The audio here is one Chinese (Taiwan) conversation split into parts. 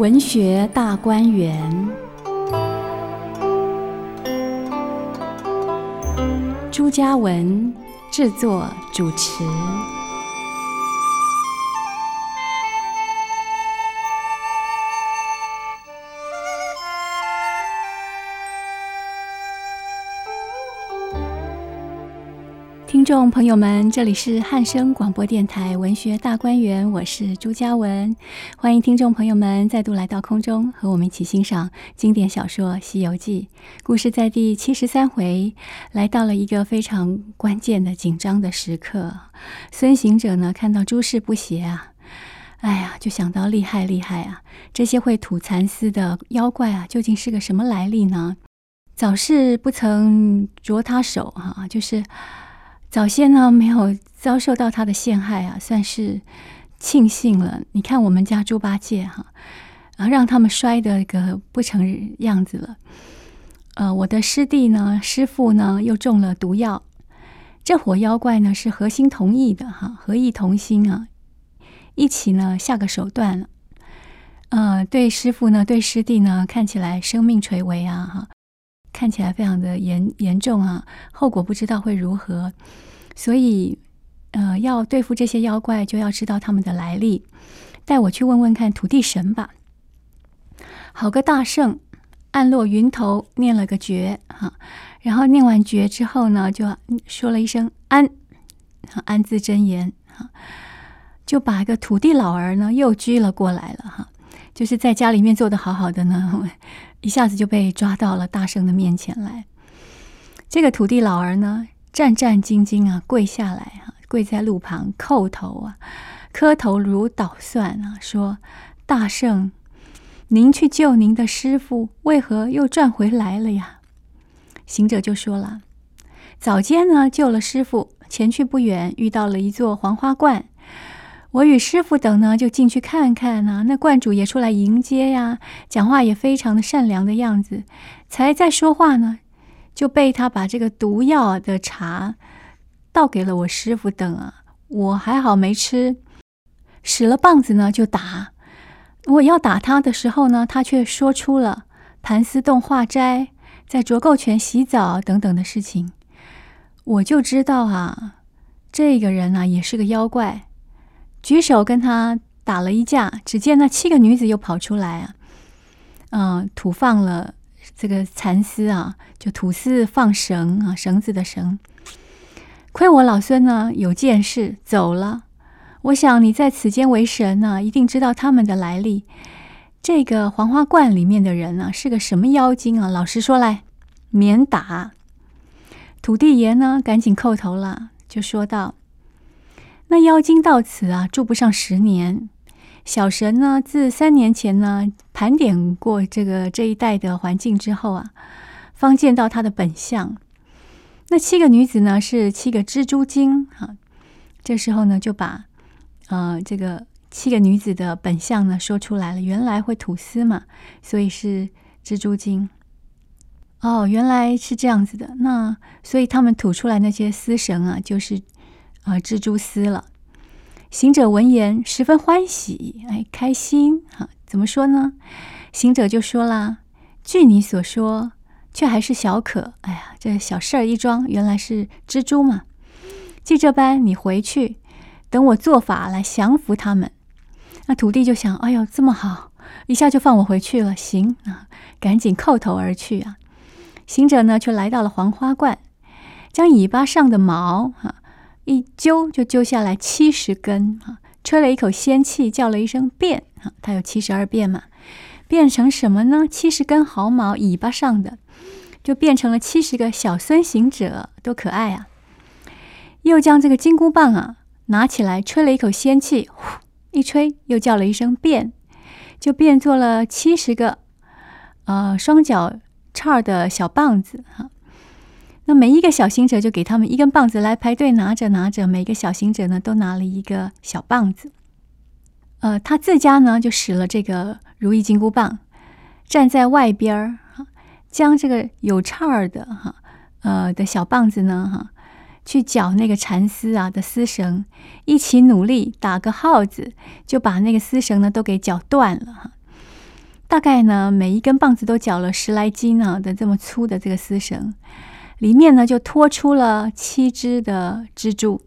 文學大觀園，朱家文製作主持。聽眾朋友們，這裡是漢聲廣播電臺文學大觀園，我是朱家文，歡迎聽眾朋友們再度來到空中，和我們一起欣賞經典小說《西遊記》。故事在第七十三回來到了一個非常關鍵的緊張的時刻，孫行者呢看到諸事不諧啊，哎呀，就想到厲害厲害啊，這些會吐蠶絲的妖怪啊，究竟是個什麼來歷呢？早是不曾着他手哈、啊，就是。早先呢，沒有遭受到他的陷害啊，算是慶幸了。你看我們家豬八戒哈，啊，讓他們摔得個不成樣子了。呃，我的師弟呢，師父呢，又中了毒藥。這夥妖怪呢是合心同意的哈，合意同心啊，一起呢下個手段了。呃，對師父呢，對師弟呢，看起來生命垂危啊哈。看起來非常的嚴嚴重啊，後果不知道會如何，所以呃，要對付這些妖怪，就要知道他們的來歷。帶我去問問看土地神吧。好個大聖，按落雲頭念了個訣哈、啊，然後念完訣之後呢，就說了一聲唵，啊、唵字真言哈、啊，就把一個土地老兒呢又拘了過來了哈。啊就是在家裡面做的好好的呢，一下子就被抓到了大聖的面前來。這個土地老兒呢，戰戰兢兢啊，跪下來啊，跪在路旁，叩頭啊，磕頭如搗蒜啊，說：“大聖，您去救您的師傅，為何又轉回來了呀？”行者就說了：“早間呢，救了師傅，前去不遠，遇到了一座黃花觀。”我與師傅等呢，就進去看看呢。那觀主也出來迎接呀，講話也非常的善良的樣子。才在說話呢，就被他把這個毒藥的茶倒給了我師傅等啊。我還好沒吃，使了棒子呢就打。我要打他的時候呢，他卻說出了盤絲洞化齋、在濯垢泉洗澡等等的事情。我就知道啊，這個人啊也是個妖怪。舉手跟他打了一架，只見那七個女子又跑出來啊，嗯，吐放了這個蠶絲啊，就吐絲放繩啊，繩子的繩。虧我老孫呢有見識，走了。我想你在此間為神呢、啊，一定知道他們的來歷。這個黃花觀裡面的人呢、啊，是個什麼妖精啊？老實說來，免打。土地爺呢，趕緊叩頭了，就說道。那妖精到此啊，住不上十年。小神呢，自三年前呢盤點過這個這一帶的環境之後啊，方見到他的本相。那七個女子呢，是七個蜘蛛精啊。這時候呢，就把呃這個七個女子的本相呢說出來了。原來會吐絲嘛，所以是蜘蛛精。哦，原來是這樣子的。那所以他們吐出來那些絲繩啊，就是。啊，蜘蛛絲了！行者聞言十分歡喜，哎，開心啊！怎麼說呢？行者就說啦：“據你所說，卻還是小可。哎呀，這小事兒一樁，原來是蜘蛛嘛！既這般，你回去，等我做法來降服他們。”那土地就想：“哎呦，這麼好，一下就放我回去了，行啊！”趕緊叩頭而去啊。行者呢，卻來到了黃花觀，將尾巴上的毛啊。一揪就揪下來七十根啊！吹了一口仙氣，叫了一聲變啊！它有七十二變嘛，變成什麼呢？七十根毫毛尾巴上的，就變成了七十個小孫行者，多可愛啊！又將這個金箍棒啊拿起來，吹了一口仙氣，呼一吹又叫了一聲變，就變做了七十個呃雙腳叉的小棒子哈。那每一個小行者就給他們一根棒子來排隊拿着拿着，每個小行者呢都拿了一個小棒子。呃，他自家呢就使了這個如意金箍棒，站在外邊兒哈，將這個有叉兒的哈呃的小棒子呢哈，去絞那個蠶絲啊的絲繩，一起努力打個耗子，就把那個絲繩呢都給絞斷了哈。大概呢每一根棒子都絞了十來斤啊的這麼粗的這個絲繩。裡面呢，就拖出了七隻的蜘蛛，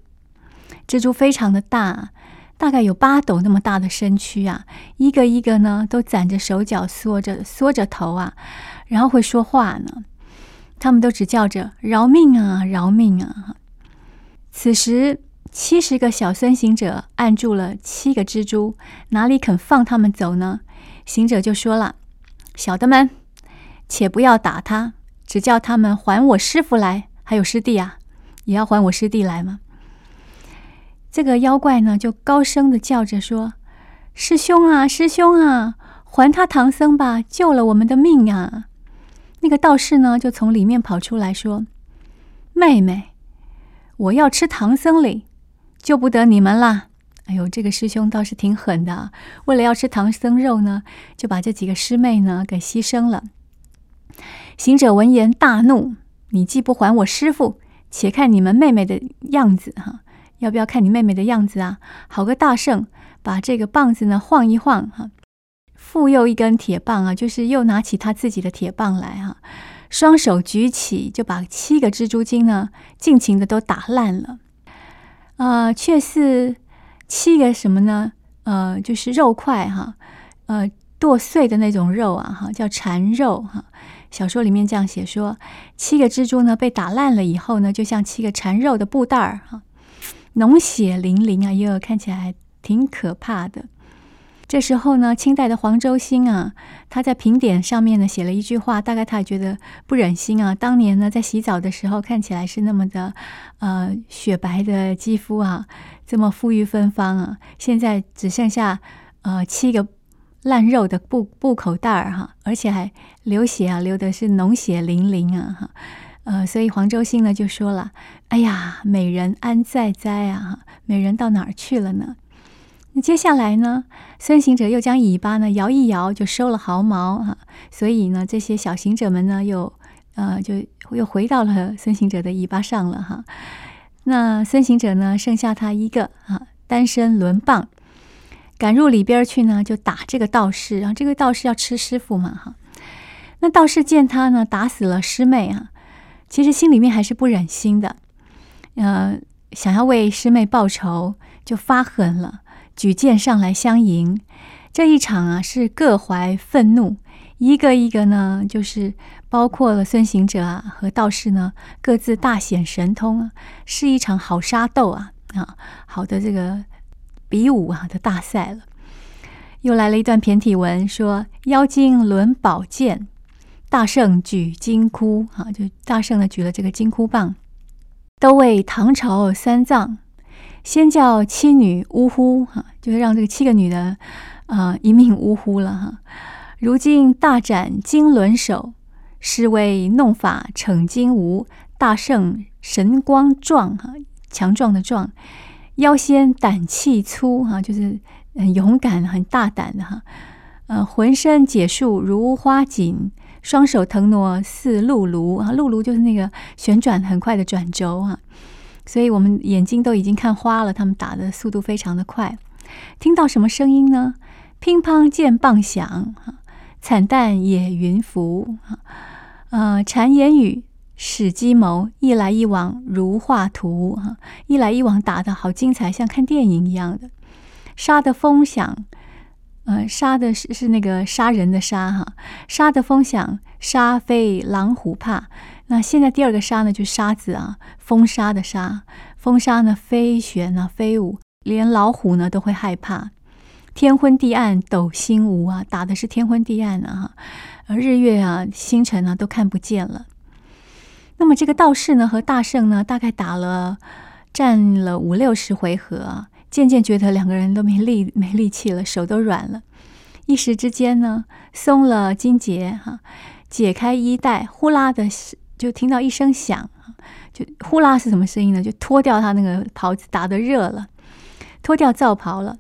蜘蛛非常的大，大概有八斗那麼大的身軀啊，一個一個呢，都攢着手腳，縮着縮着頭啊，然後會說話呢，他們都只叫着“饒命啊，饒命啊”。此時，七十個小孫行者按住了七個蜘蛛，哪裡肯放他們走呢？行者就說了：“小的們，且不要打他。”只叫他們還我師父來，還有師弟啊，也要還我師弟來嗎？這個妖怪呢，就高聲的叫着說：“師兄啊，師兄啊，還他唐僧吧，救了我們的命啊！”那個道士呢，就從裡面跑出來說：“妹妹，我要吃唐僧哩，救不得你們啦！”哎呦，這個師兄倒是挺狠的，為了要吃唐僧肉呢，就把這幾個師妹呢給犧牲了。行者聞言大怒：“你既不還我師父，且看你們妹妹的樣子哈、啊！要不要看你妹妹的樣子啊？好個大聖，把這個棒子呢晃一晃哈，復、啊、又一根鐵棒啊，就是又拿起他自己的鐵棒來哈、啊，雙手舉起，就把七個蜘蛛精呢盡情的都打爛了。啊、呃，卻是七個什麼呢？呃，就是肉塊哈、啊，呃，剁碎的那種肉啊哈、啊，叫纏肉哈。啊”小說裡面這樣寫說，七個蜘蛛呢被打爛了以後呢，就像七個纏肉的布袋兒哈，膿血淋淋啊，又，又看起來挺可怕的。這時候呢，清代的黃周星啊，他在評點上面呢寫了一句話，大概他也覺得不忍心啊。當年呢在洗澡的時候看起來是那麼的呃雪白的肌膚啊，這麼馥郁芬芳啊，現在只剩下呃七個。爛肉的布布口袋哈，而且還流血啊，流的是膿血淋淋啊哈，呃，所以黃周星呢就說了：“哎呀，美人安在哉啊？美人到哪兒去了呢？”那接下來呢，孫行者又將尾巴呢搖一搖，就收了毫毛哈，所以呢，這些小行者們呢又呃就又回到了孫行者的尾巴上了哈。那孫行者呢剩下他一個啊，單身輪棒。趕入裡邊去呢，就打這個道士。然後這個道士要吃師傅嘛，哈、啊。那道士見他呢打死了師妹啊，其實心裡面還是不忍心的，呃，想要為師妹報仇，就發狠了，舉劍上來相迎。這一場啊是各懷憤怒，一個一個呢，就是包括了孫行者啊和道士呢各自大顯神通，啊，是一場好殺鬥啊啊，好的這個。比武啊的大賽了，又來了一段駢體文說，說妖精輪寶劍，大聖舉金箍，啊。就大聖呢舉了這個金箍棒，都為唐朝三藏，先叫七女嗚呼，哈、啊，就是讓這個七個女的，啊、呃、一命嗚呼了，哈、啊，如今大展金輪手，是為弄法逞金吾。大聖神光壯，哈、啊，強壯的壯。腰間膽氣粗哈，就是很勇敢、很大膽的哈。呃，渾身解數如花錦，雙手騰挪似轆轤，啊，轆轤就是那個旋轉很快的轉軸啊。所以我們眼睛都已經看花了，他們打的速度非常的快。聽到什麼聲音呢？乒乓劍棒響啊，慘淡野雲浮啊，啊、呃、纏言語使計謀，一來一往如畫圖哈，一來一往打得好精彩，像看電影一樣的。殺的風響，嗯、呃，殺的是是那個殺人的殺哈、啊，殺的風響，沙飛狼虎怕。那現在第二個沙呢，就沙子啊，風沙的沙，風沙呢飛旋啊飛舞，連老虎呢都會害怕。天昏地暗，斗星無啊，打的是天昏地暗哈、啊，而日月啊、星辰啊都看不見了。那麼這個道士呢，和大聖呢，大概打了戰了五六十回合、啊，漸漸覺得兩個人都沒力沒力氣了，手都軟了，一時之間呢鬆了筋節哈、啊，解開衣帶，呼啦的就聽到一聲響，就呼啦是什麼聲音呢？就脫掉他那個袍子，打得熱了，脫掉皂袍了，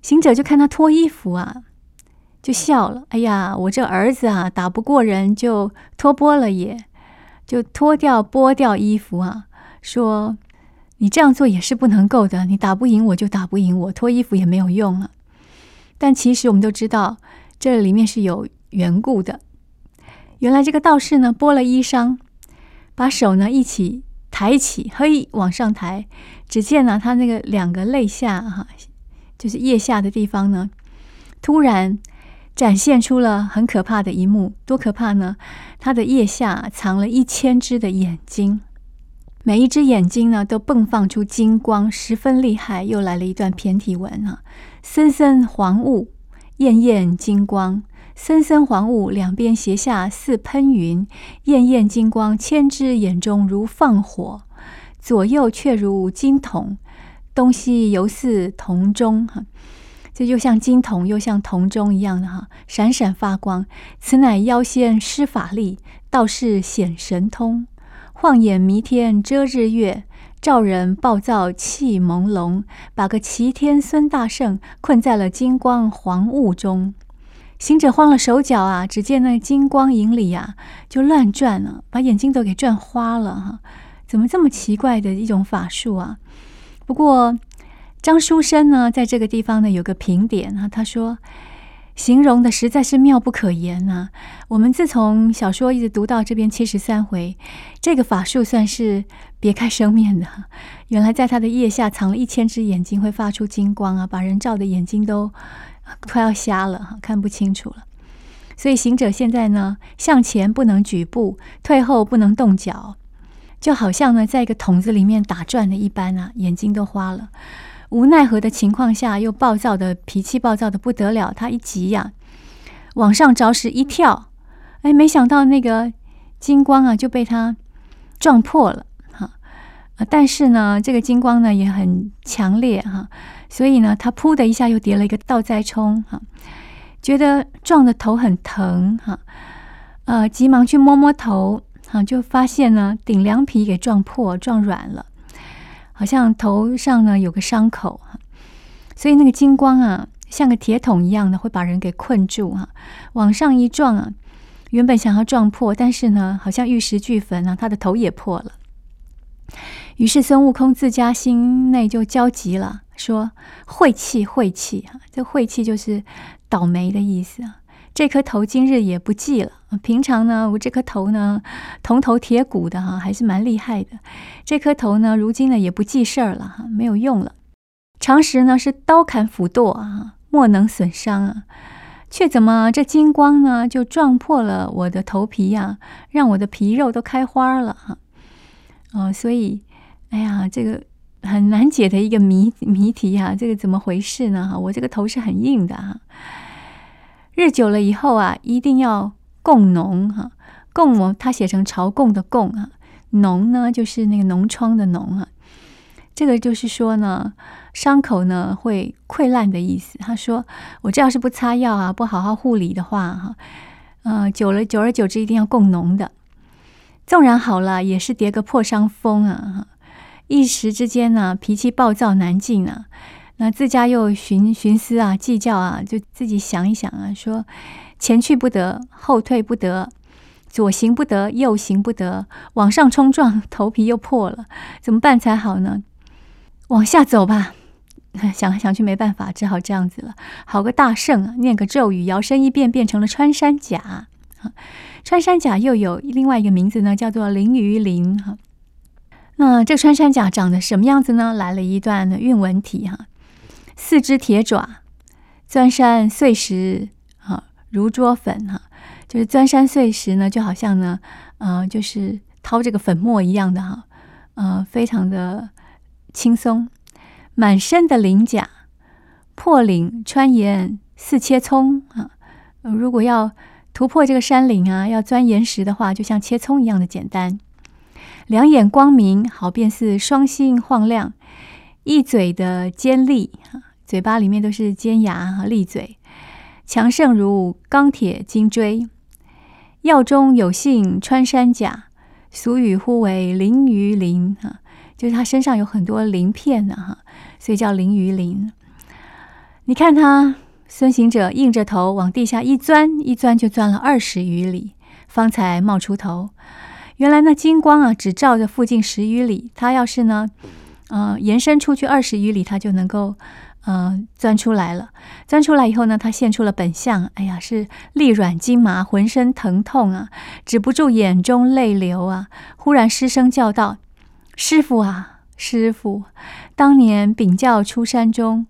行者就看他脫衣服啊，就笑了，哎呀，我這兒子啊，打不過人就脫波了也。就脫掉、剝掉衣服啊，說你這樣做也是不能夠的，你打不贏我就打不贏我，脫衣服也沒有用了。但其實我們都知道這裡面是有緣故的。原來這個道士呢，剝了衣裳，把手呢一起抬起，嘿，往上抬，只見呢他那個兩個肋下哈、啊，就是腋下的地方呢，突然。展現出了很可怕的一幕，多可怕呢？它的腋下藏了一千隻的眼睛，每一隻眼睛呢都迸放出金光，十分厲害。又來了一段駢體文啊：森森黃霧，豔豔金光；森森黃霧，兩邊斜下似噴雲；豔豔金光，千隻眼中如放火；左右卻如金桶，東西猶似銅鐘哈。這又像金銅又像銅鐘一樣的哈、啊，閃閃發光。此乃妖仙施法力，道士顯神通，晃眼迷天遮日月，照人暴躁氣朦朧，把個齊天孫大聖困在了金光黃霧中。行者慌了手腳啊！只見那金光影裡啊，就亂轉了，把眼睛都給轉花了哈、啊！怎麼這麼奇怪的一種法術啊？不過。張書生呢，在這個地方呢，有個評點啊，他說，形容的實在是妙不可言啊。我們自從小說一直讀到這邊七十三回，這個法術算是別開生面的。原來在他的腋下藏了一千隻眼睛，會發出金光啊，把人照的眼睛都快要瞎了，看不清楚了。所以行者現在呢，向前不能舉步，退後不能動腳，就好像呢，在一個桶子裡面打轉的一般啊，眼睛都花了。無奈何的情況下，又暴躁的脾氣暴躁的不得了。他一急呀，往上着實一跳，哎，沒想到那個金光啊就被他撞破了哈。但是呢，這個金光呢也很強烈哈，所以呢，他噗的一下又跌了一個倒栽蔥哈，覺得撞的頭很疼哈，呃，急忙去摸摸頭啊，就發現呢頂梁皮給撞破撞軟了。好像頭上呢有個傷口，所以那個金光啊，像個鐵桶一樣的，會把人給困住啊。往上一撞啊，原本想要撞破，但是呢，好像玉石俱焚啊，他的頭也破了。於是孫悟空自家心內就焦急了，說：“晦氣，晦氣啊！這晦氣就是倒霉的意思啊。”這顆頭今日也不濟了。平常呢，我這顆頭呢，銅頭鐵骨的哈、啊，還是蠻厲害的。這顆頭呢，如今呢也不濟事兒了哈，沒有用了。常時呢是刀砍斧剁啊，莫能損傷啊，卻怎麼這金光呢就撞破了我的頭皮呀、啊，讓我的皮肉都開花了哈。哦，所以，哎呀，這個很難解的一個謎謎題呀、啊，這個怎麼回事呢？哈，我這個頭是很硬的哈、啊。日久了以後啊，一定要貢膿哈，貢膿他寫成朝貢的貢啊，膿呢就是那個膿瘡的膿啊，這個就是說呢，傷口呢會潰爛的意思。他說，我這要是不擦藥啊，不好好護理的話哈，呃、啊，久了，久而久之，一定要貢膿的，縱然好了，也是疊個破傷風啊，一時之間呢、啊，脾氣暴躁難盡啊。那自家又尋尋思啊，計較啊，就自己想一想啊，說前去不得，後退不得，左行不得，右行不得，往上衝撞，頭皮又破了，怎麼辦才好呢？往下走吧，想來想去沒辦法，只好這樣子了。好個大聖啊，念個咒語，搖身一變，變成了穿山甲哈。穿山甲又有另外一個名字呢，叫做林魚林。哈。那這穿山甲長得什麼樣子呢？來了一段韻文體哈、啊。四只鐵爪，鑽山碎石，啊，如捉粉哈、啊，就是鑽山碎石呢，就好像呢，啊、呃，就是掏這個粉末一樣的哈，啊，非常的輕鬆。滿身的鱗甲，破嶺穿岩似切蔥啊、呃！如果要突破這個山嶺啊，要鑽岩石的話，就像切蔥一樣的簡單。兩眼光明，好便似雙星晃亮，一嘴的尖利啊。嘴巴裡面都是尖牙和利嘴，強盛如鋼鐵金錐。藥中有性穿山甲，俗語呼為鯪鯉鱗。哈，就是它身上有很多鱗片呢，哈，所以叫鯪鯉鱗。你看他，孫行者硬着頭往地下一鑽，一鑽就鑽了二十餘里，方才冒出頭。原來那金光啊，只照着附近十餘里，他要是呢，嗯、呃，延伸出去二十餘里，他就能夠。嗯、呃，鑽出來了。鑽出來以後呢，他現出了本相。哎呀，是力軟筋麻，渾身疼痛啊，止不住眼中淚流啊。忽然失聲叫道：“師傅啊，師傅！當年秉教出山中，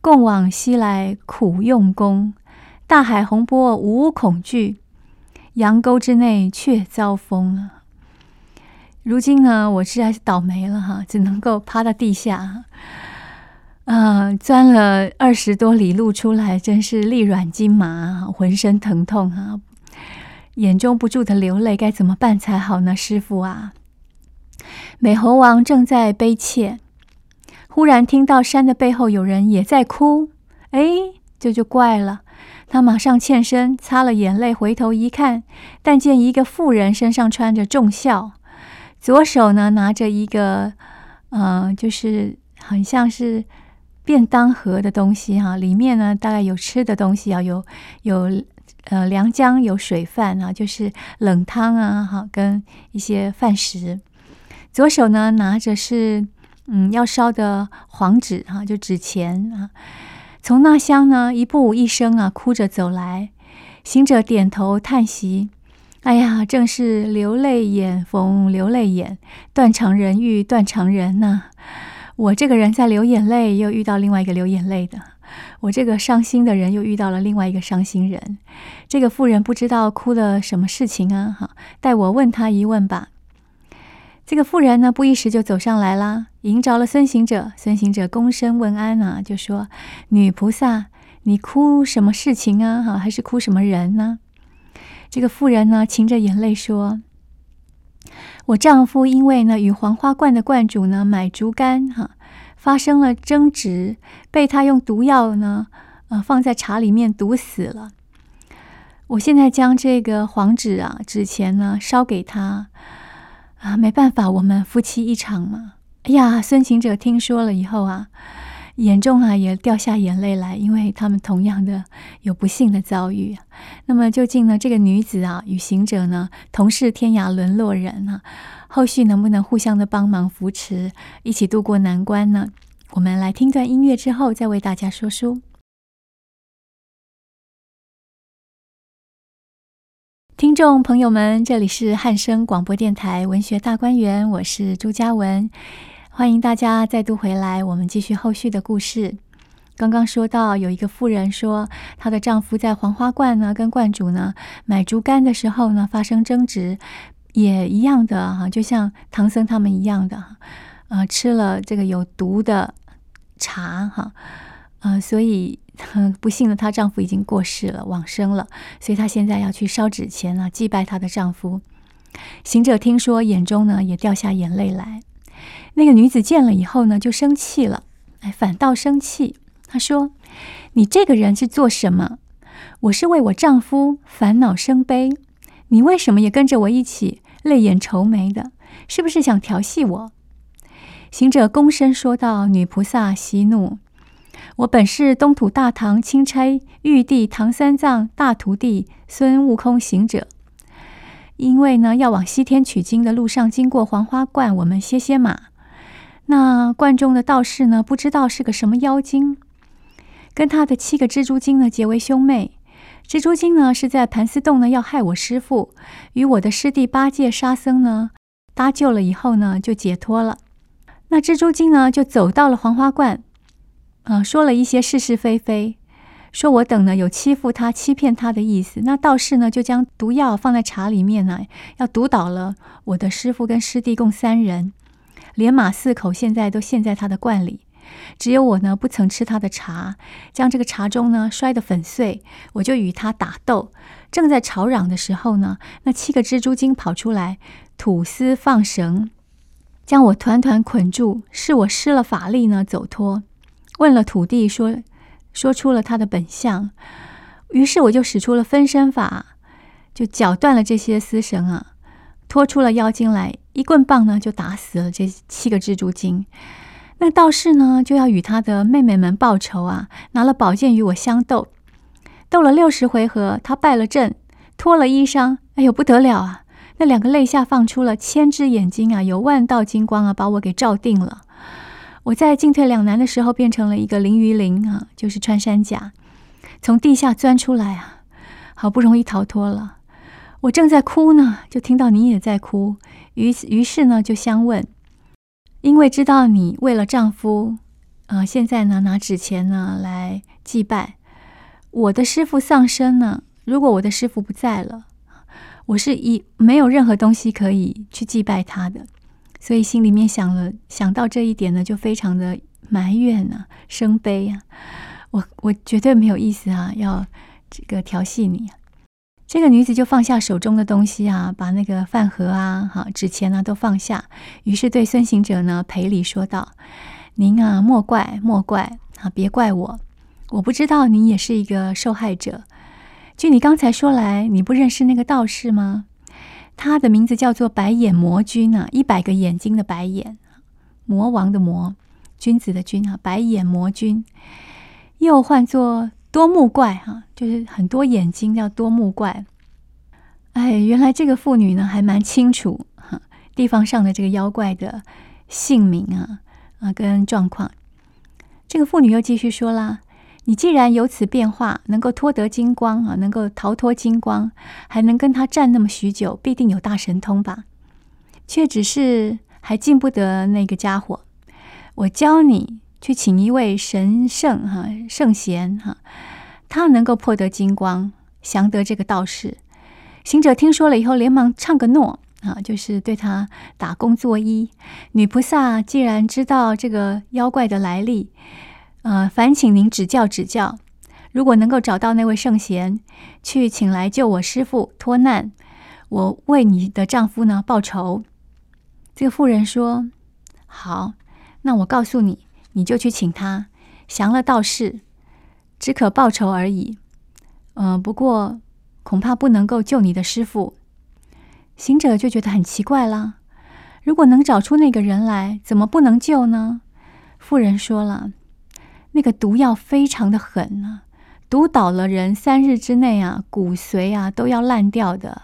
共往西來苦用功，大海洪波無恐懼，陽溝之內卻遭風啊。如今呢，我實在是倒霉了哈，只能夠趴到地下。”啊，鑽了二十多里路出來，真是力軟筋麻，渾身疼痛啊！眼中不住的流淚，該怎麼辦才好呢？師父啊！美猴王正在悲切，忽然聽到山的背後有人也在哭，哎，這就，就怪了。他馬上欠身擦了眼淚，回頭一看，但見一個婦人身上穿着重孝，左手呢拿着一個，嗯、呃，就是很像是。便當盒的東西哈、啊，裡面呢大概有吃的東西啊，有有呃涼漿，有水飯啊，就是冷湯啊哈、啊，跟一些飯食。左手呢拿着是嗯要燒的黃紙哈、啊，就紙錢啊。從那廂呢一步一聲啊哭着走來，行者點頭嘆息：“哎呀，正是流淚眼逢流淚眼，斷腸人遇斷腸人吶、啊。”我這個人在流眼淚，又遇到另外一個流眼淚的；我這個傷心的人又遇到了另外一個傷心人。這個婦人不知道哭的什麼事情啊！哈，待我問她一問吧。這個婦人呢，不一時就走上來啦，迎着了孫行者。孫行者躬身問安啊，就說：“女菩薩，你哭什麼事情啊？哈，還是哭什麼人呢？”這個婦人呢，噙着眼淚說：“我丈夫因為呢，與黃花觀的觀主呢，買竹竿哈。啊”發生了爭執，被他用毒藥呢，呃，放在茶裡面毒死了。我現在將這個黃紙啊、紙錢呢燒給他，啊，沒辦法，我們夫妻一場嘛。哎呀，孫行者聽說了以後啊，眼中啊也掉下眼淚來，因為他們同樣的有不幸的遭遇。那麼，究竟呢，這個女子啊與行者呢同是天涯淪落人啊。後續能不能互相的幫忙扶持，一起度過難關呢？我們來聽段音樂之後，再為大家說書。聽眾朋友們，這裡是漢聲廣播電臺文學大觀園，我是朱嘉文，歡迎大家再度回來，我們繼續後續的故事。剛剛說到有一個婦人說，她的丈夫在黃花觀呢，跟觀主呢買竹竿的時候呢，發生爭執。也一樣的哈，就像唐僧他們一樣的哈，啊、呃，吃了這個有毒的茶哈，呃，所以不幸的她丈夫已經過世了，往生了，所以她現在要去燒紙錢了、啊，祭拜她的丈夫。行者聽說，眼中呢也掉下眼淚來。那個女子見了以後呢，就生氣了，哎，反倒生氣。她說：“你這個人是做什麼？我是為我丈夫煩惱生悲。”你為什麼也跟着我一起淚眼愁眉的？是不是想調戲我？行者躬身說道：“女菩薩息怒，我本是東土大唐欽差御弟唐三藏大徒弟孫悟空行者，因為呢要往西天取經的路上經過黃花觀，我們歇歇馬。那觀中的道士呢，不知道是個什麼妖精，跟他的七個蜘蛛精呢結為兄妹。”蜘蛛精呢是在盤絲洞呢要害我師父，與我的師弟八戒、沙僧呢搭救了以後呢就解脫了。那蜘蛛精呢就走到了黃花觀，啊、呃、說了一些是是非非，說我等呢有欺負他、欺騙他的意思。那道士呢就將毒藥放在茶裡面呢，要毒倒了我的師父跟師弟共三人，連馬四口現在都陷在他的觀裡。只有我呢，不曾吃他的茶，將這個茶盅呢摔得粉碎。我就與他打鬥，正在吵嚷的時候呢，那七個蜘蛛精跑出來吐絲放繩，將我團團捆住。是我施了法力呢走脫，問了土地說，說出了他的本相。於是我就使出了分身法，就攪斷了這些絲繩啊，拖出了妖精來，一棍棒呢就打死了這七個蜘蛛精。那道士呢，就要與他的妹妹們報仇啊！拿了寶劍與我相鬥，鬥了六十回合，他敗了陣，脫了衣裳。哎呦，不得了啊！那兩個肋下放出了千隻眼睛啊，有萬道金光啊，把我給照定了。我在進退兩難的時候，變成了一個靈魚鱗啊，就是穿山甲，從地下鑽出來啊，好不容易逃脫了。我正在哭呢，就聽到你也在哭，於於是呢，就相問。因為知道你為了丈夫，啊、呃，現在呢，拿紙錢呢來祭拜，我的師傅喪生呢。如果我的師傅不在了，我是以沒有任何東西可以去祭拜他的，所以心裡面想了，想到這一點呢，就非常的埋怨呢、啊，生悲啊。我我絕對沒有意思啊，要這個調戲你啊。這個女子就放下手中的東西啊，把那個飯盒啊、哈、啊、紙錢啊都放下，於是對孫行者呢賠禮說道：“您啊，莫怪莫怪啊，別怪我，我不知道您也是一個受害者。據你剛才說來，你不認識那個道士嗎？他的名字叫做白眼魔君啊，一百個眼睛的白眼，魔王的魔，君子的君啊，白眼魔君，又喚作。”多目怪哈，就是很多眼睛叫多目怪。哎，原來這個婦女呢，還蠻清楚哈，地方上的這個妖怪的姓名啊啊跟狀況。這個婦女又繼續說啦：“你既然有此變化，能夠脫得金光啊，能夠逃脫金光，還能跟他戰那麼許久，必定有大神通吧？卻只是還近不得那個家伙。我教你。”去請一位神聖哈、啊、聖賢哈、啊，他能夠破得金光降得這個道士。行者聽說了以後，連忙唱個諾啊，就是對他打恭作揖。女菩薩既然知道這個妖怪的來歷，呃，煩請您指教指教。如果能夠找到那位聖賢，去請來救我師父脫難，我為你的丈夫呢報仇。這個婦人說：“好，那我告訴你。”你就去請他降了道士，只可報仇而已。嗯、呃，不過恐怕不能夠救你的師父。行者就覺得很奇怪了：如果能找出那個人來，怎麼不能救呢？婦人說了，那個毒藥非常的狠啊，毒倒了人三日之內啊，骨髓啊都要爛掉的。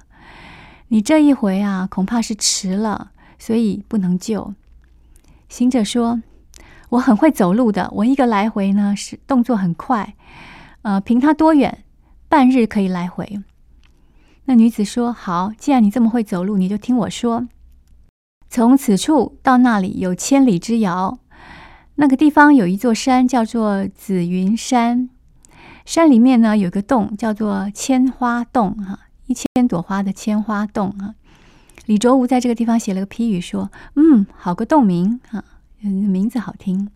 你這一回啊，恐怕是遲了，所以不能救。行者說。我很會走路的，我一個來回呢，是動作很快，呃，憑他多遠，半日可以來回。那女子說：“好，既然你這麼會走路，你就聽我說。從此處到那裡有千里之遙，那個地方有一座山叫做紫雲山，山裡面呢有個洞叫做千花洞哈，一千朵花的千花洞哈。李卓吾在這個地方寫了個批語說：嗯，好個洞名哈。”嗯，名字好聽。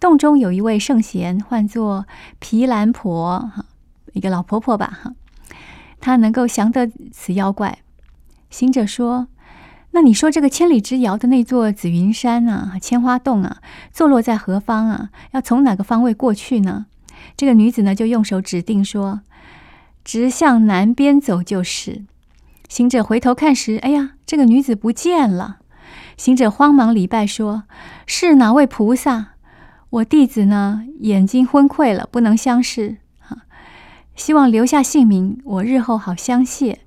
洞中有一位聖賢，喚作毗藍婆，哈，一個老婆婆吧，哈。她能夠降得此妖怪。行者說：“那你說這個千里之遙的那座紫雲山啊，千花洞啊，坐落在何方啊？要從哪個方位過去呢？”這個女子呢，就用手指定說：“直向南邊走就是。”行者回頭看時，哎呀，這個女子不見了。行者慌忙禮拜說：“是哪位菩薩？我弟子呢，眼睛昏聵了，不能相視啊，希望留下姓名，我日後好相謝。”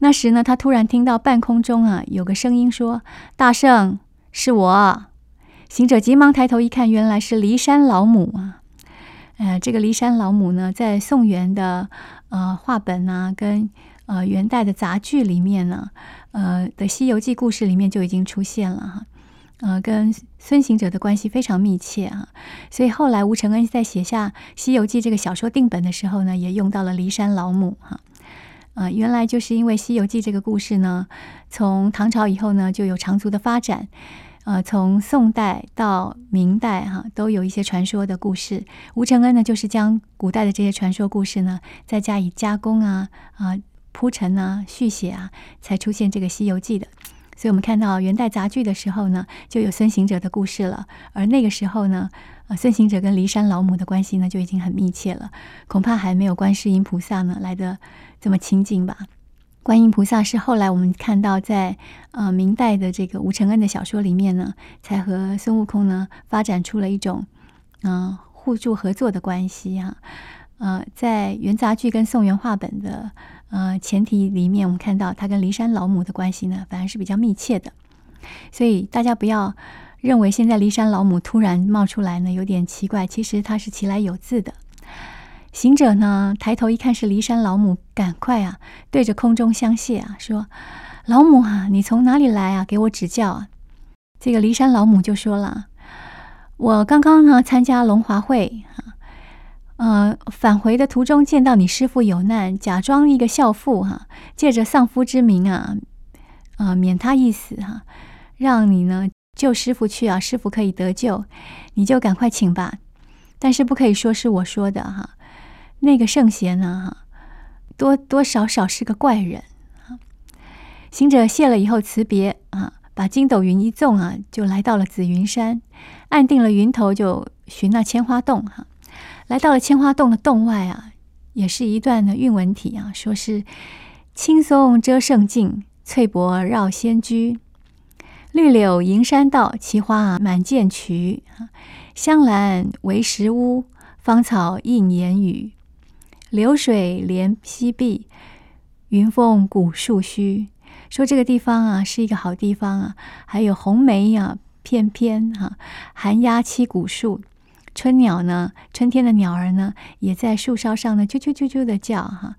那時呢，他突然聽到半空中啊有個聲音說：“大聖，是我。”行者急忙抬頭一看，原來是驪山老母啊！哎、呃、這個驪山老母呢，在宋元的啊呃、話本啊跟呃，元代的雜劇裡面呢，呃的《西遊記》故事裡面就已經出現了哈，呃，跟孫行者的關係非常密切哈、啊，所以後來吳承恩在寫下《西遊記》這個小說定本的時候呢，也用到了驪山老母哈、啊，呃，原來就是因為《西遊記》這個故事呢，從唐朝以後呢就有長足的發展，呃，從宋代到明代哈、啊，都有一些傳說的故事，吳承恩呢就是將古代的這些傳說故事呢再加以加工啊啊。鋪陳啊，續寫啊，才出現這個《西遊記》的。所以我們看到元代雜劇的時候呢，就有孫行者的故事了。而那個時候呢，呃，孫行者跟驪山老母的關係呢就已經很密切了，恐怕還沒有觀世音菩薩呢來得這麼親近吧。觀音菩薩是後來我們看到在呃明代的這個吳承恩的小說裡面呢，才和孫悟空呢發展出了一種嗯、呃、互助合作的關係啊。呃，在元雜劇跟宋元話本的。呃，前提裡面我們看到他跟驪山老母的關係呢，反而是比較密切的，所以大家不要認為現在驪山老母突然冒出來呢有點奇怪，其實他是其來有自的。行者呢抬頭一看是驪山老母，趕快啊對着空中相謝啊說：“老母啊，你從哪裡來啊？給我指教啊！”這個驪山老母就說了：“我剛剛呢參加龍華會啊。”呃，返回的途中見到你師父有難，假裝一個孝婦哈、啊，借着喪夫之名啊，啊、呃、免他一死哈、啊，讓你呢救師父去啊，師父可以得救，你就趕快請吧，但是不可以說是我說的哈、啊，那個聖賢呢哈，多多少少是個怪人。行者謝了以後辭別啊，把筋斗雲一縱啊，就來到了紫雲山，按定了雲頭就尋那千花洞哈、啊。來到了千花洞的洞外啊，也是一段的韻文體啊，說是，青松遮勝境，翠柏繞仙居，綠柳迎山道，奇花啊，滿澗渠，香蘭圍石屋，芳草映檐宇，流水連溪碧，雲峰古樹虛。說這個地方啊是一個好地方啊，還有紅梅呀翩翩哈，寒鴉棲古樹。春鳥呢？春天的鳥兒呢，也在樹梢上呢，啾啾啾啾的叫哈。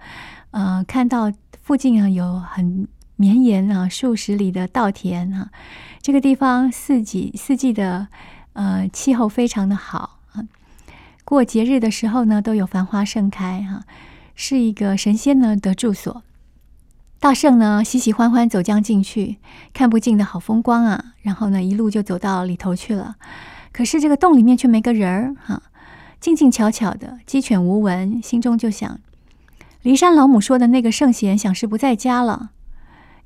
呃、啊，看到附近啊有很綿延啊數十里的稻田哈、啊。這個地方四季四季的呃氣候非常的好啊。過節日的時候呢，都有繁花盛開哈、啊，是一個神仙呢的住所。大聖呢喜喜歡歡走將進去，看不盡的好風光啊。然後呢，一路就走到裡頭去了。可是這個洞裡面卻沒個人兒哈、啊，靜靜悄悄的，雞犬無聞，心中就想，驪山老母說的那個聖賢想是不在家了。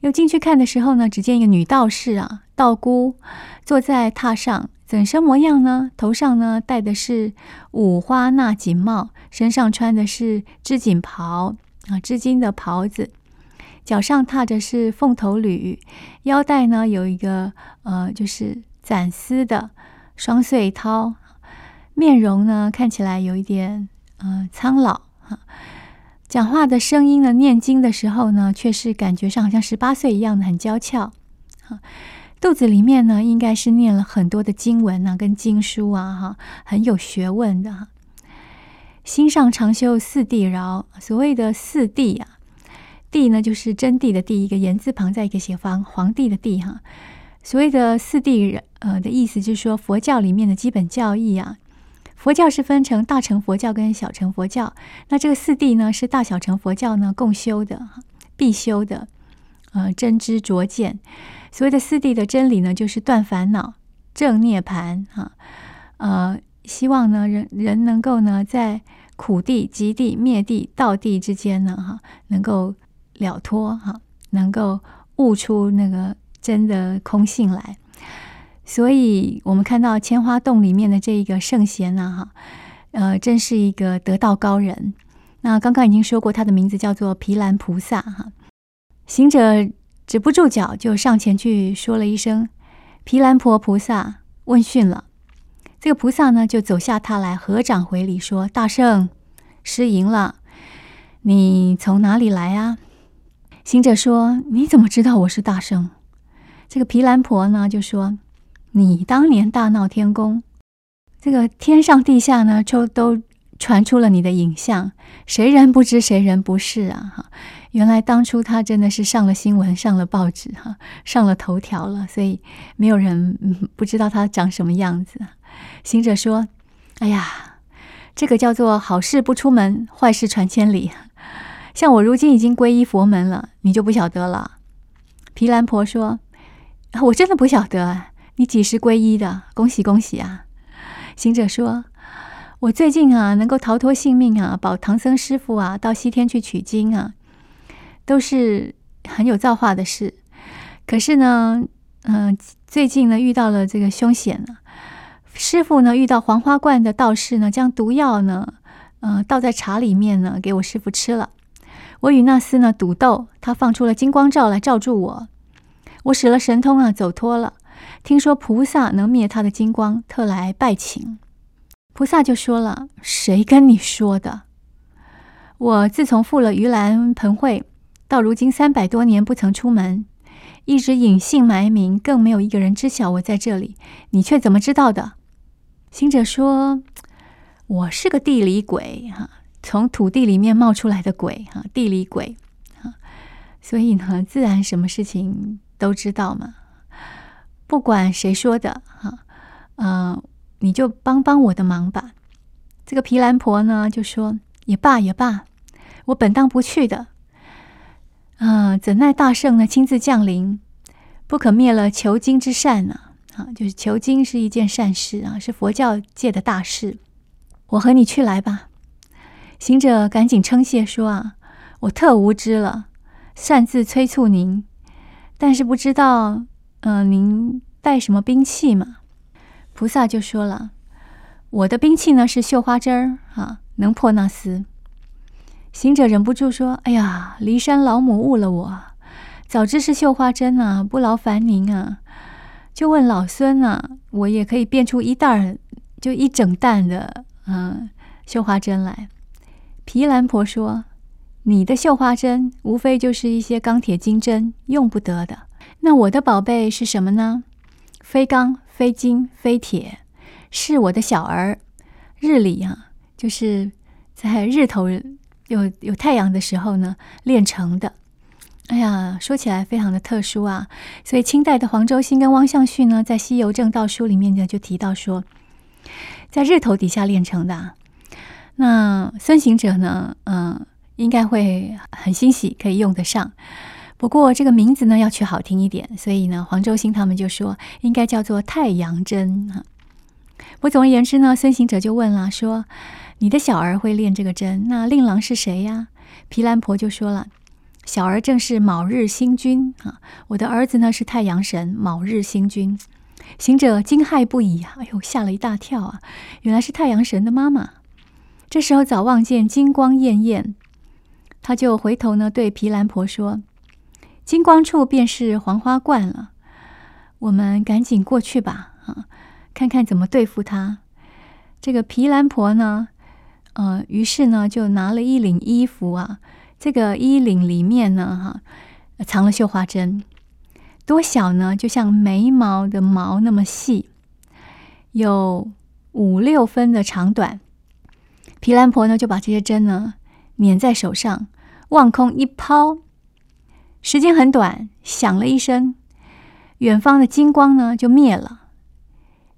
又進去看的時候呢，只見一個女道士啊，道姑坐在榻上，怎生模樣呢？頭上呢戴的是五花納錦帽，身上穿的是織錦袍啊，織金的袍子，腳上踏着是鳳頭履，腰帶呢有一個呃，就是攢絲的。雙穗濤，面容呢看起來有一點嗯、呃、蒼老哈、啊，講話的聲音呢，念經的時候呢，卻是感覺上好像十八歲一樣的很嬌俏哈、啊。肚子裡面呢，應該是念了很多的經文吶、啊，跟經書啊哈、啊，很有學問的哈、啊。心上常修四諦饒，所謂的四諦啊，諦呢就是真諦的諦，一個言字旁再一個寫方皇帝的帝哈、啊。所謂的四諦人，呃的意思就是說，佛教裡面的基本教義啊，佛教是分成大乘佛教跟小乘佛教。那這個四諦呢，是大小乘佛教呢共修的、必修的，呃真知灼見。所謂的四諦的真理呢，就是斷煩惱、證涅槃啊。呃，希望呢，人人能夠呢，在苦諦、集諦、滅諦、道諦之間呢，哈，能夠了脫哈，能夠悟出那個真的空性來。所以，我們看到千花洞裡面的這一個聖賢呢，哈，呃，真是一個得道高人。那剛剛已經說過，他的名字叫做毗藍菩薩哈。行者止不住腳，就上前去說了一聲：“毗藍婆菩薩，問訊了。”這個菩薩呢，就走下榻來，合掌回禮說：“大聖，失迎了。你從哪裡來啊？”行者說：“你怎麼知道我是大聖？”這個毗藍婆呢，就說。你當年大鬧天宮，這個天上地下呢，就都傳出了你的影像，誰人不知，誰人不是啊？哈，原來當初他真的是上了新聞，上了報紙，哈，上了頭條了，所以沒有人不知道他長什麼樣子。行者說：“哎呀，這個叫做好事不出門，壞事傳千里。像我如今已經皈依佛門了，你就不曉得了。”毗藍婆說：“我真的不曉得啊。”你幾時皈依的？恭喜恭喜啊！行者說：“我最近啊，能夠逃脫性命啊，保唐僧師傅啊，到西天去取經啊，都是很有造化的事。可是呢，嗯、呃，最近呢，遇到了這個凶險呢，師傅呢，遇到黃花觀的道士呢，將毒藥呢，嗯、呃，倒在茶裡面呢，給我師傅吃了。我與那厮呢賭鬥，他放出了金光罩來罩住我，我使了神通啊，走脫了。”聽說菩薩能滅他的金光，特來拜請。菩薩就說了：“誰跟你說的？我自從赴了盂蘭盆會，到如今三百多年不曾出門，一直隱姓埋名，更沒有一個人知曉我在這裡。你卻怎麼知道的？”行者說：“我是個地理鬼，哈，從土地裡面冒出來的鬼，哈，地理鬼，哈，所以呢，自然什麼事情都知道嘛。”不管誰說的啊，嗯、呃，你就幫幫我的忙吧。這個毗藍婆呢就說：“也罷也罷，我本當不去的。嗯、呃，怎奈大聖呢親自降臨，不可滅了求經之善呢、啊？啊，就是求經是一件善事啊，是佛教界的大事。我和你去來吧。”行者趕緊稱謝說：“啊，我特無知了，擅自催促您，但是不知道。”嗯、呃，您帶什麼兵器嘛？菩薩就說了，我的兵器呢是繡花針兒，哈、啊，能破那廝。行者忍不住說：“哎呀，驪山老母誤了我，早知是繡花針啊，不勞煩您啊。”就問老孫啊，我也可以變出一袋就一整擔的，嗯、啊，繡花針來。毗藍婆說：“你的繡花針，無非就是一些鋼鐵金針，用不得的。”那我的寶貝是什麼呢？非鋼、非金、非鐵，是我的小兒。日裡啊，就是在日頭有有太陽的時候呢，煉成的。哎呀，說起來非常的特殊啊。所以清代的黃周星跟汪象旭呢，在《西遊證道書》裡面呢，就提到說，在日頭底下煉成的。那孫行者呢，嗯，應該會很欣喜，可以用得上。不過這個名字呢，要取好聽一點，所以呢，黃周星他們就說應該叫做太陽針哈。我總而言之呢，孫行者就問了說：“你的小兒會練這個針，那令郎是誰呀？”毗藍婆就說了：“小兒正是昴日星君啊，我的兒子呢是太陽神昴日星君。”行者驚駭不已啊，哎呦嚇了一大跳啊，原來是太陽神的媽媽。這時候早望見金光豔豔，他就回頭呢對毗藍婆說。金光處便是黃花觀了，我們趕緊過去吧！啊，看看怎麼對付他。這個毗藍婆呢，呃，於是呢就拿了一領衣服啊，這個衣領裡面呢，哈、啊，藏了繡花針。多小呢？就像眉毛的毛那麼細，有五六分的長短。毗藍婆呢就把這些針呢捻在手上，望空一拋。時間很短，響了一聲，遠方的金光呢就滅了。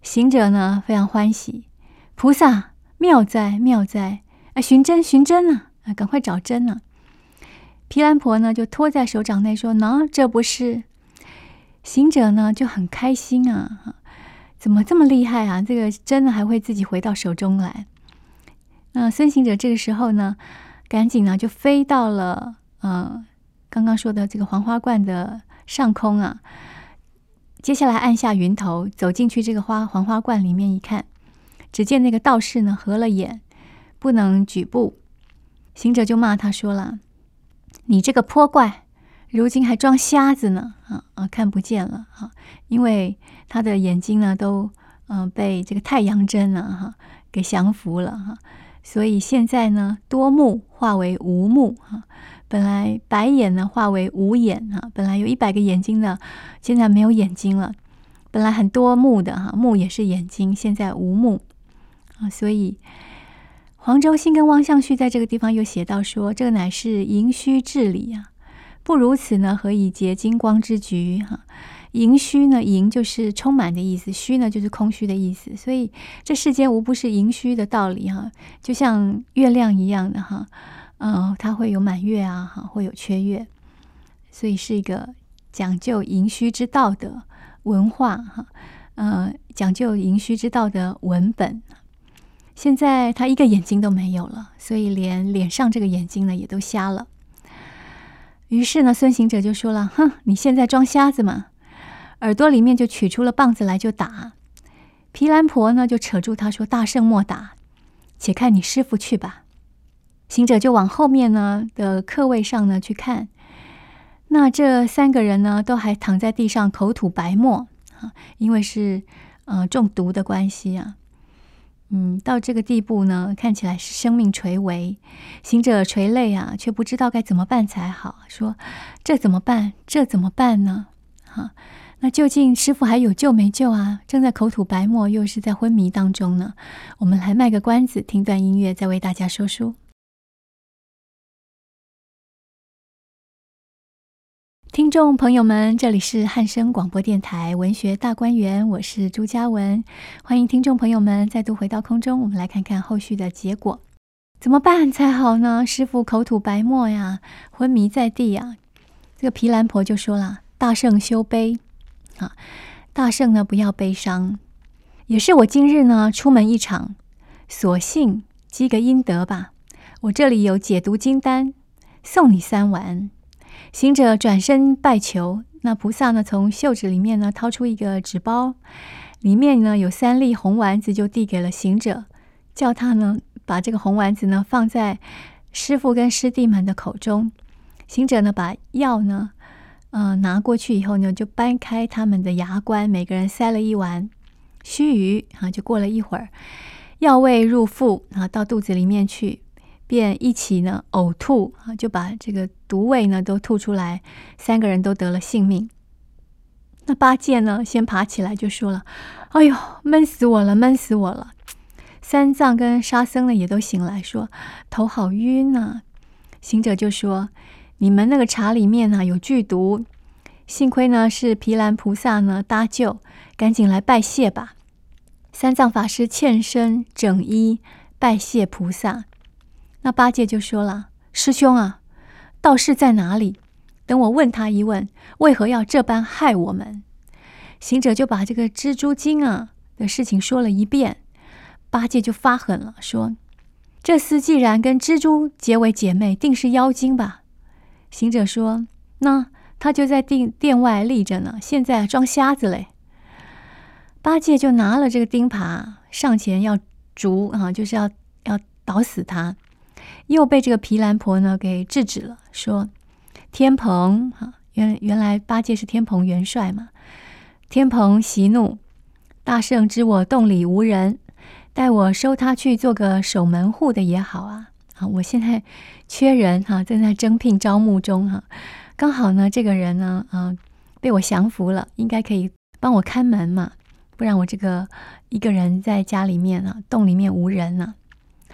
行者呢非常歡喜，菩薩，妙哉妙哉！啊，尋針尋針呢啊，趕快找針呢、啊、毗藍婆呢就托在手掌內說：“喏、no,，這不是。”行者呢就很開心啊，怎麼這麼厲害啊？這個針呢還會自己回到手中來。那孫行者這個時候呢，趕緊呢就飛到了嗯。呃剛剛說的這個黃花觀的上空啊，接下來按下雲頭走進去這個花黃花觀裡面一看，只見那個道士呢合了眼，不能舉步。行者就罵他說了：“你這個潑怪，如今還裝瞎子呢！啊啊，看不見了啊！因為他的眼睛呢都嗯、呃、被這個太陽針了、啊、哈、啊、給降服了哈、啊，所以現在呢多目化為無目哈。啊”本來白眼呢化為無眼啊，本來有一百個眼睛呢，現在沒有眼睛了。本來很多目的哈、啊，目也是眼睛，現在無目啊。所以黃周星跟汪象旭在這個地方又寫到說：“這個乃是盈虛至理啊，不如此呢，何以結金光之局？哈、啊，盈虛呢，盈就是充滿的意思，虛呢就是空虛的意思。所以這世間無不是盈虛的道理哈、啊，就像月亮一樣的哈。啊”呃、哦，他會有滿月啊，哈，會有缺月，所以是一個講究盈虛之道的文化哈，呃，講究盈虛之道的文本。現在他一個眼睛都沒有了，所以連臉上這個眼睛呢也都瞎了。於是呢，孫行者就說了：“哼，你現在裝瞎子嘛！”耳朵裡面就取出了棒子來就打。毗藍婆呢就扯住他說：“大聖莫打，且看你師傅去吧。”行者就往後面呢的客位上呢去看，那這三個人呢都還躺在地上，口吐白沫啊，因為是呃中毒的關係啊。嗯，到這個地步呢，看起來是生命垂危，行者垂淚啊，卻不知道該怎麼辦才好，說這怎麼辦？這怎麼辦呢？哈、啊，那究竟師傅還有救沒救啊？正在口吐白沫，又是在昏迷當中呢。我們來賣個關子，聽段音樂，再為大家說書。聽眾朋友們，這裡是漢聲廣播電台文學大觀園，我是朱家文，歡迎聽眾朋友們再度回到空中，我們來看看後續的結果，怎麼辦才好呢？師父口吐白沫呀，昏迷在地呀，啊，這個毗藍婆就說了：“大聖休悲，啊，大聖呢不要悲傷，也是我今日呢出門一場，索性積個陰德吧，我這裡有解毒金丹，送你三丸。”行者轉身拜求，那菩薩呢，從袖子裡面呢掏出一個紙包，裡面呢有三粒紅丸子，就遞給了行者，叫他呢把這個紅丸子呢放在師父跟師弟們的口中。行者呢把藥呢，嗯、呃、拿過去以後呢，就掰開他們的牙關，每個人塞了一丸。須臾啊，就過了一會兒，藥味入腹啊，到肚子裡面去。便一起呢嘔吐啊，就把這個毒味呢都吐出來，三個人都得了性命。那八戒呢先爬起來就說了：“哎呦，悶死我了，悶死我了！”三藏跟沙僧呢也都醒來，說：“頭好暈吶啊！”行者就說：“你們那個茶裡面呢有劇毒，幸虧呢是毗藍菩薩呢搭救，趕緊來拜謝吧。”三藏法師欠身整衣拜謝菩薩。那八戒就說了：“師兄啊，道士在哪裡？等我問他一問，為何要這般害我們？”行者就把這個蜘蛛精啊的事情說了一遍。八戒就發狠了，說：“這廝既然跟蜘蛛結為姐妹，定是妖精吧？”行者說：“那他就在殿殿外立着呢，現在裝瞎子嘞。”八戒就拿了這個釘耙上前要築啊，就是要要搗死他。又被這個毗藍婆呢給制止了，說：“天蓬哈，原原來八戒是天蓬元帥嘛。天蓬息怒，大聖知我洞裡無人，待我收他去做個守門戶的也好啊。啊，我現在缺人哈，啊、正在那徵聘招募中哈、啊，剛好呢，這個人呢啊被我降服了，應該可以幫我看門嘛。不然我這個一個人在家裡面啊，洞裡面無人呢、啊。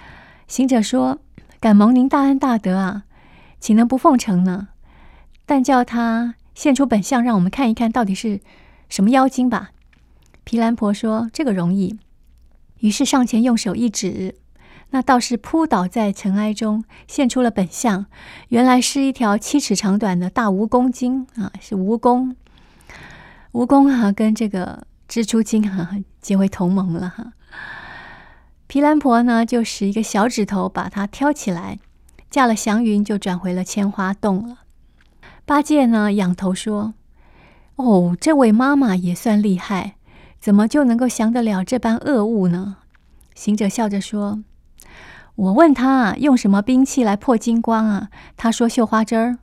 行者說。”敢感蒙您大恩大德啊，豈能不奉承呢？但叫他獻出本相，讓我們看一看到底是什麼妖精吧。皮蘭婆說：“這個容易。”於是上前用手一指，那道士撲倒在塵埃中，獻出了本相。原來是一條七尺長短的大蜈蚣精啊，是蜈蚣。蜈蚣啊，跟這個蜘蛛精啊結為同盟了。皮藍婆呢，就使一個小指頭把它挑起來，駕了祥雲就轉回了千花洞了。八戒呢，仰頭說：“哦，這位媽媽也算厲害，怎麼就能夠降得了這般惡物呢？”行者笑着說：“我問他啊，用什麼兵器來破金光啊？他說繡花針兒，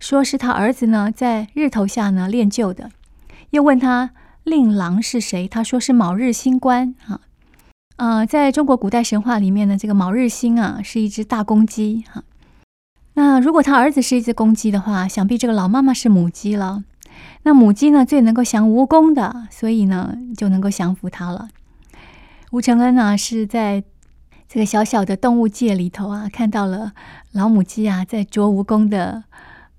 說是他兒子呢，在日頭下呢練就的。又問他令郎是誰？他說是昴日星官啊。”呃，在中國古代神話裡面呢，這個昴日星啊是一隻大公雞哈。那如果他兒子是一隻公雞的話，想必這個老媽媽是母雞了。那母雞呢，最能夠降蜈蚣的，所以呢就能夠降服它了。吳承恩呢、啊、是在這個小小的動物界裡頭啊，看到了老母雞啊在啄蜈蚣的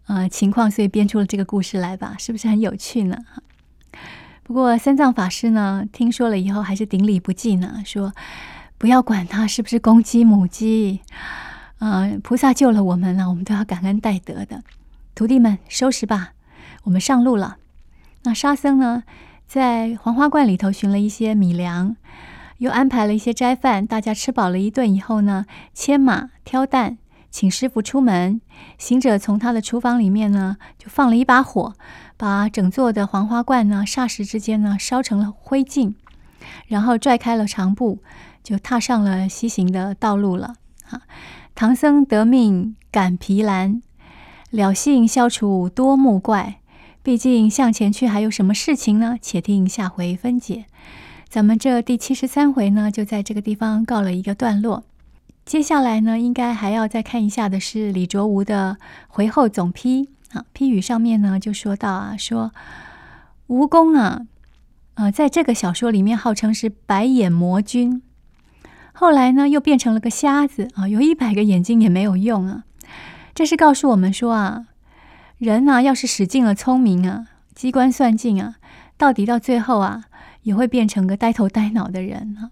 呃情況，所以編出了這個故事來吧，是不是很有趣呢？不過，三藏法師呢，聽說了以後還是頂禮不盡呢，說：“不要管他是不是公雞母雞，呃，菩薩救了我們了，啊，我們都要感恩戴德的。徒弟們收拾吧，我們上路了。”那沙僧呢，在黃花觀裡頭尋了一些米糧，又安排了一些齋飯，大家吃飽了一頓以後呢，牽馬挑擔，請師傅出門。行者從他的廚房裡面呢，就放了一把火。把整座的黃花觀呢，霎時之間呢，燒成了灰燼，然後拽開了長布，就踏上了西行的道路了。哈、啊，唐僧得命感毗藍，了性消除多目怪，畢竟向前去還有什麼事情呢？且聽下回分解。咱們這第七十三回呢，就在這個地方告了一個段落。接下來呢，應該還要再看一下的是李卓吾的回後總批。啊，批語上面呢就說到啊，說蜈蚣啊，呃，在這個小說裡面號稱是白眼魔君，後來呢又變成了個瞎子啊，有一百個眼睛也沒有用啊。這是告訴我們說啊，人啊要是使盡了聰明啊，機關算盡啊，到底到最後啊，也會變成個呆頭呆腦的人啊。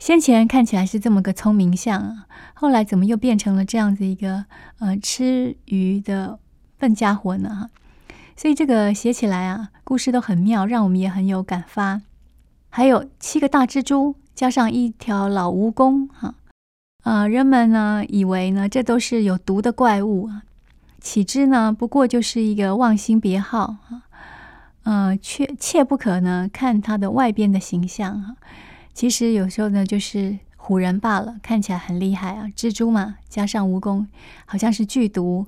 先前看起來是這麼個聰明相啊，後來怎麼又變成了這樣子一個呃吃魚的？笨傢伙呢哈，所以這個寫起來啊，故事都很妙，讓我們也很有感發。還有七個大蜘蛛，加上一條老蜈蚣哈，呃、啊，人們呢以為呢這都是有毒的怪物啊，豈知呢不過就是一個妄心別號，啊，呃，切切不可呢看它的外邊的形象啊，其實有時候呢就是唬人罷了，看起來很厲害啊，蜘蛛嘛加上蜈蚣，好像是劇毒。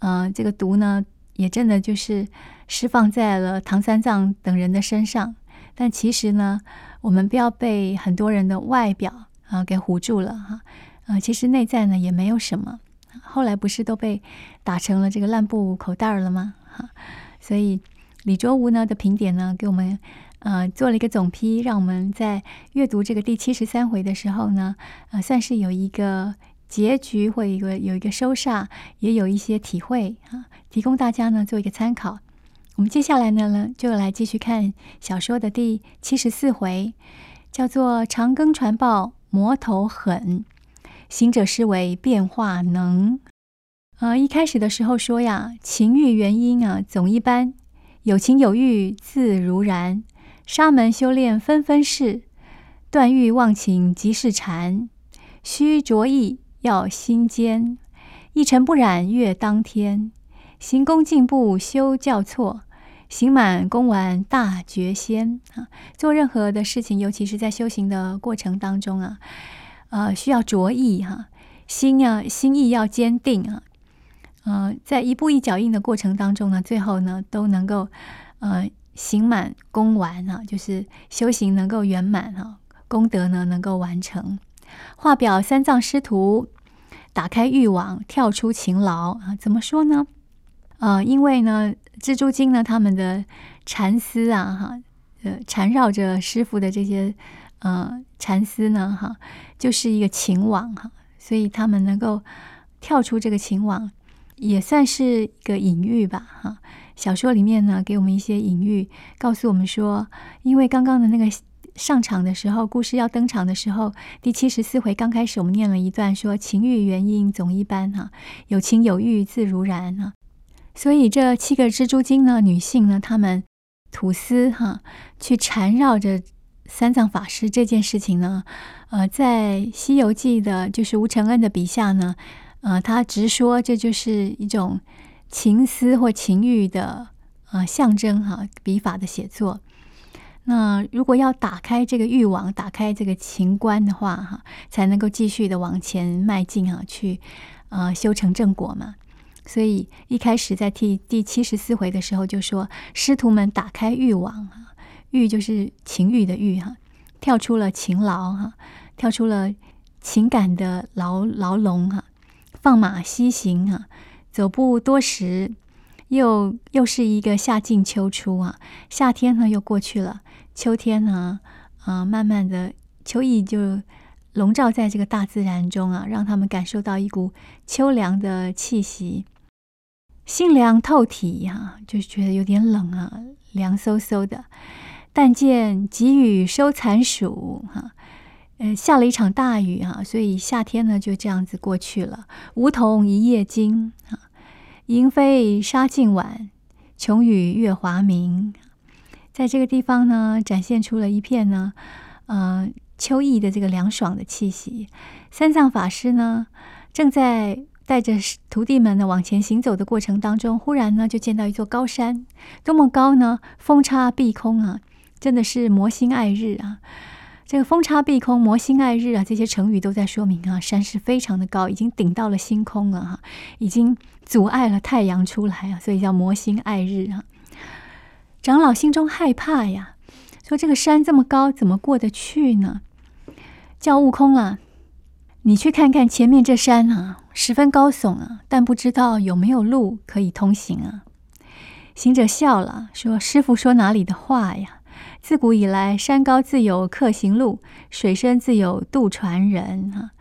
嗯、呃，這個毒呢，也真的就是釋放在了唐三藏等人的身上。但其實呢，我們不要被很多人的外表啊、呃、給唬住了哈。啊，其實內在呢也沒有什麼。後來不是都被打成了這個爛布口袋了嗎？哈、啊，所以李卓吾呢的評點呢，給我們呃做了一個總批，讓我們在閱讀這個第七十三回的時候呢，呃，算是有一個。結局會一個有一個收煞，也有一些體會啊，提供大家呢做一個參考。我們接下來呢呢就來繼續看小說的第七十四回，叫做《長庚傳報魔頭狠，行者施為變化能》。呃，一開始的時候說呀，情欲原因啊，總一般有情有欲自如然，沙門修煉紛紛事。斷欲忘情即是禪，須着意。要心堅，一塵不染月當天，行功進步休教錯，行滿功完大覺仙，啊！做任何的事情，尤其是在修行的過程當中啊，呃，需要着意哈、啊，心啊，心意要堅定啊，呃，在一步一腳印的過程當中呢，最後呢，都能夠呃行滿功完啊，就是修行能夠圓滿哈、啊，功德呢能夠完成。話表三藏師徒打開欲網跳出情牢啊，怎麼說呢？呃，因為呢，蜘蛛精呢，他們的蠶絲啊，哈、啊，呃，纏繞着師父的這些，呃，蠶絲呢，哈、啊，就是一個情網哈、啊，所以他們能夠跳出這個情網，也算是一個隱喻吧，哈、啊。小說裡面呢，給我們一些隱喻，告訴我們說，因為剛剛的那個。上場的時候，故事要登場的時候，第七十四回剛開始，我們念了一段說：“情欲原因總一般哈、啊，有情有欲自如然啊。”所以這七個蜘蛛精呢，女性呢，她們吐絲哈、啊，去纏繞着三藏法師這件事情呢，呃，在《西遊記》的，就是吳承恩的筆下呢，呃，他直說這就是一種情思或情欲的呃象徵哈、啊，筆法的寫作。那如果要打開這個欲網，打開這個情關的話，哈，才能夠繼續的往前邁進哈，去啊修成正果嘛。所以一開始在第第七十四回的時候就說，師徒們打開欲網啊，欲就是情欲的欲哈，跳出了情牢哈，跳出了情感的牢牢籠哈，放馬西行哈，走不多時，又又是一個夏盡秋初啊，夏天呢又過去了。秋天呢、啊，嗯、呃，慢慢的秋意就籠罩在這個大自然中啊，讓他們感受到一股秋涼的氣息，心涼透體啊，就覺得有點冷啊，涼颼颼的。但見急雨收殘暑哈，呃，下了一場大雨啊，所以夏天呢就這樣子過去了。梧桐一葉驚哈，螢、啊、飛莎徑晚，蛩語月華明。在這個地方呢，展現出了一片呢，嗯、呃，秋意的這個涼爽的氣息。三藏法師呢，正在帶着徒弟們呢往前行走的過程當中，忽然呢就見到一座高山，多麼高呢？峰插碧空啊，真的是摩星礙日啊！這個峰插碧空，摩星礙日啊，這些成語都在說明啊，山是非常的高，已經頂到了星空了哈，啊，已經阻礙了太陽出來啊，所以叫摩星礙日啊。長老心中害怕呀，說：“這個山這麼高，怎麼過得去呢？”叫悟空啊，“你去看看前面這山啊，十分高聳啊，但不知道有沒有路可以通行啊？”行者笑了，說：“師父說哪裡的話呀？自古以來，山高自有客行路，水深自有渡船人啊。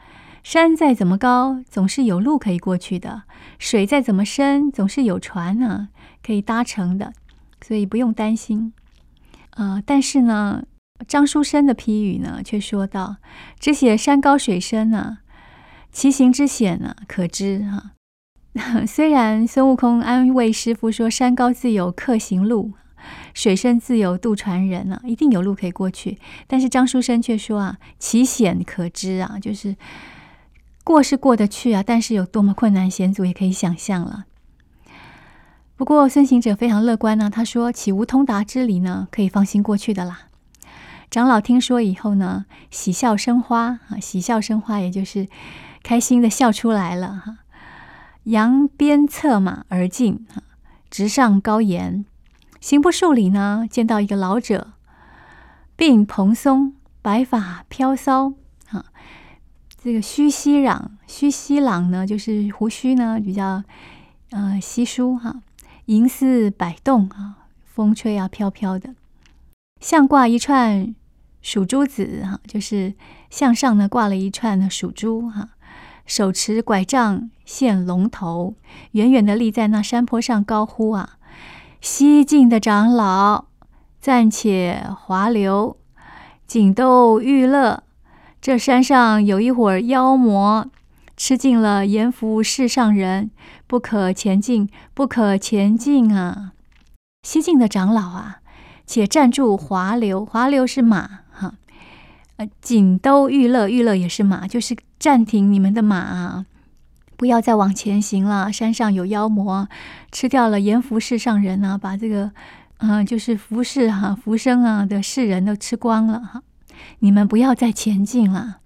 山再怎麼高，總是有路可以過去的；水再怎麼深，總是有船呢、啊、可以搭乘的。”所以不用擔心，呃，但是呢，張書生的批語呢卻說道：“只寫山高水深呢、啊，其行之險呢、啊、可知啊。”雖然孫悟空安慰師傅說：“山高自有客行路，水深自有渡船人啊，一定有路可以過去。”但是張書生卻說：“啊，其險可知啊，就是過是過得去啊，但是有多麼困難險阻，也可以想象了。”不過，孫行者非常樂觀呢、啊。他說：“豈無通達之理呢？可以放心過去的啦。”長老聽說以後呢，喜笑生花啊！喜笑生花，也就是開心的笑出來了哈。揚鞭策馬而進，直上高岩，行不數里呢，見到一個老者，鬢蓬鬆，白髮飄騷啊。這個鬚稀朗，鬚稀朗呢，就是鬍鬚呢比較呃稀疏哈。銀絲擺動啊，風吹啊，飄飄的，像掛一串數珠子啊，就是向上呢掛了一串數珠啊。手持拐杖，現龍頭，遠遠的立在那山坡上，高呼啊：“西進的長老，暫且滑流，錦豆玉樂，這山上有一夥妖魔。”吃盡了閻浮世上人，不可前進，不可前進啊！西進的長老啊，且暫住驊騮，驊騮是馬哈，呃、啊、錦兜玉勒，玉勒也是馬，就是暫停你們的馬，啊。不要再往前行了。山上有妖魔，吃掉了閻浮世上人呢、啊，把這個嗯、啊、就是浮世哈浮生啊的世人都吃光了哈，你們不要再前進了。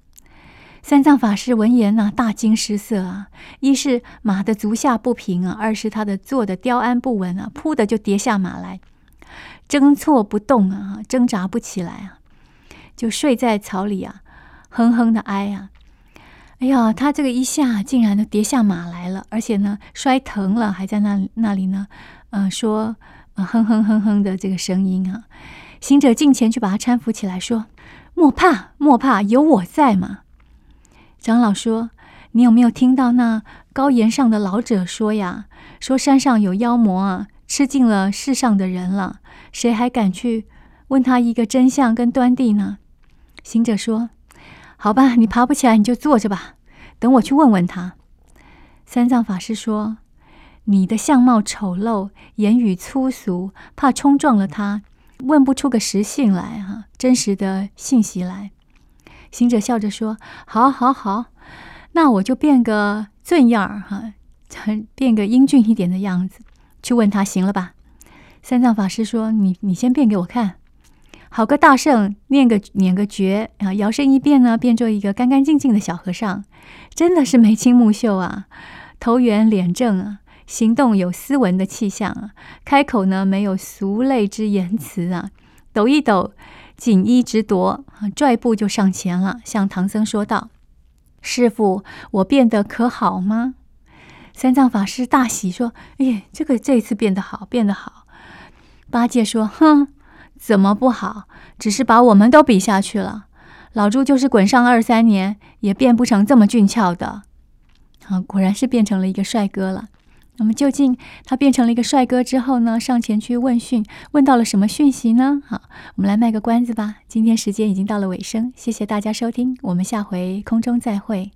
三藏法師聞言呢、啊，大驚失色啊！一是馬的足下不平啊，二是他的坐的雕鞍不穩啊，撲的就跌下馬來，掙挫不動啊，掙扎不起來啊，就睡在草裡啊，哼哼的哀啊！哎呀，他這個一下竟然都跌下馬來了，而且呢摔疼了，還在那那裡呢，嗯、呃，說哼哼哼哼的這個聲音啊。行者近前去把他攙扶起來，說：“莫怕莫怕，有我在嘛。”長老說：“你有沒有聽到那高岩上的老者說呀？說山上有妖魔啊，吃盡了世上的人了，誰還敢去問他一個真相跟端地呢？”行者說：“好吧，你爬不起來你就坐着吧，等我去問問他。”三藏法師說：“你的相貌醜陋，言語粗俗，怕衝撞了他，問不出個實信來哈、啊，真實的信息來。”行者笑着說：“好，好，好，那我就變個俊樣兒哈、啊，變個英俊一點的樣子去問他，行了吧？”三藏法師說：“你，你先變給我看。好個大聖，念個念個訣啊，搖身一變呢，變做一個乾干淨淨的小和尚，真的是眉清目秀啊，頭圓臉正啊，行動有斯文的氣象啊，開口呢，沒有俗類之言辭啊，抖一抖。”錦衣直裰，拽步就上前了，向唐僧說道：“師父，我變得可好嗎？”三藏法師大喜說：“哎，這個這次變得好，變得好。”八戒說：“哼，怎麼不好？只是把我們都比下去了。老豬就是滾上二三年，也變不成這麼俊俏的。”啊，果然是變成了一個帥哥了。那麼究竟他變成了一個帥哥之後呢？上前去問訊，問到了什麼訊息呢？好，我們來賣個關子吧。今天時間已經到了尾聲，謝謝大家收聽，我們下回空中再會。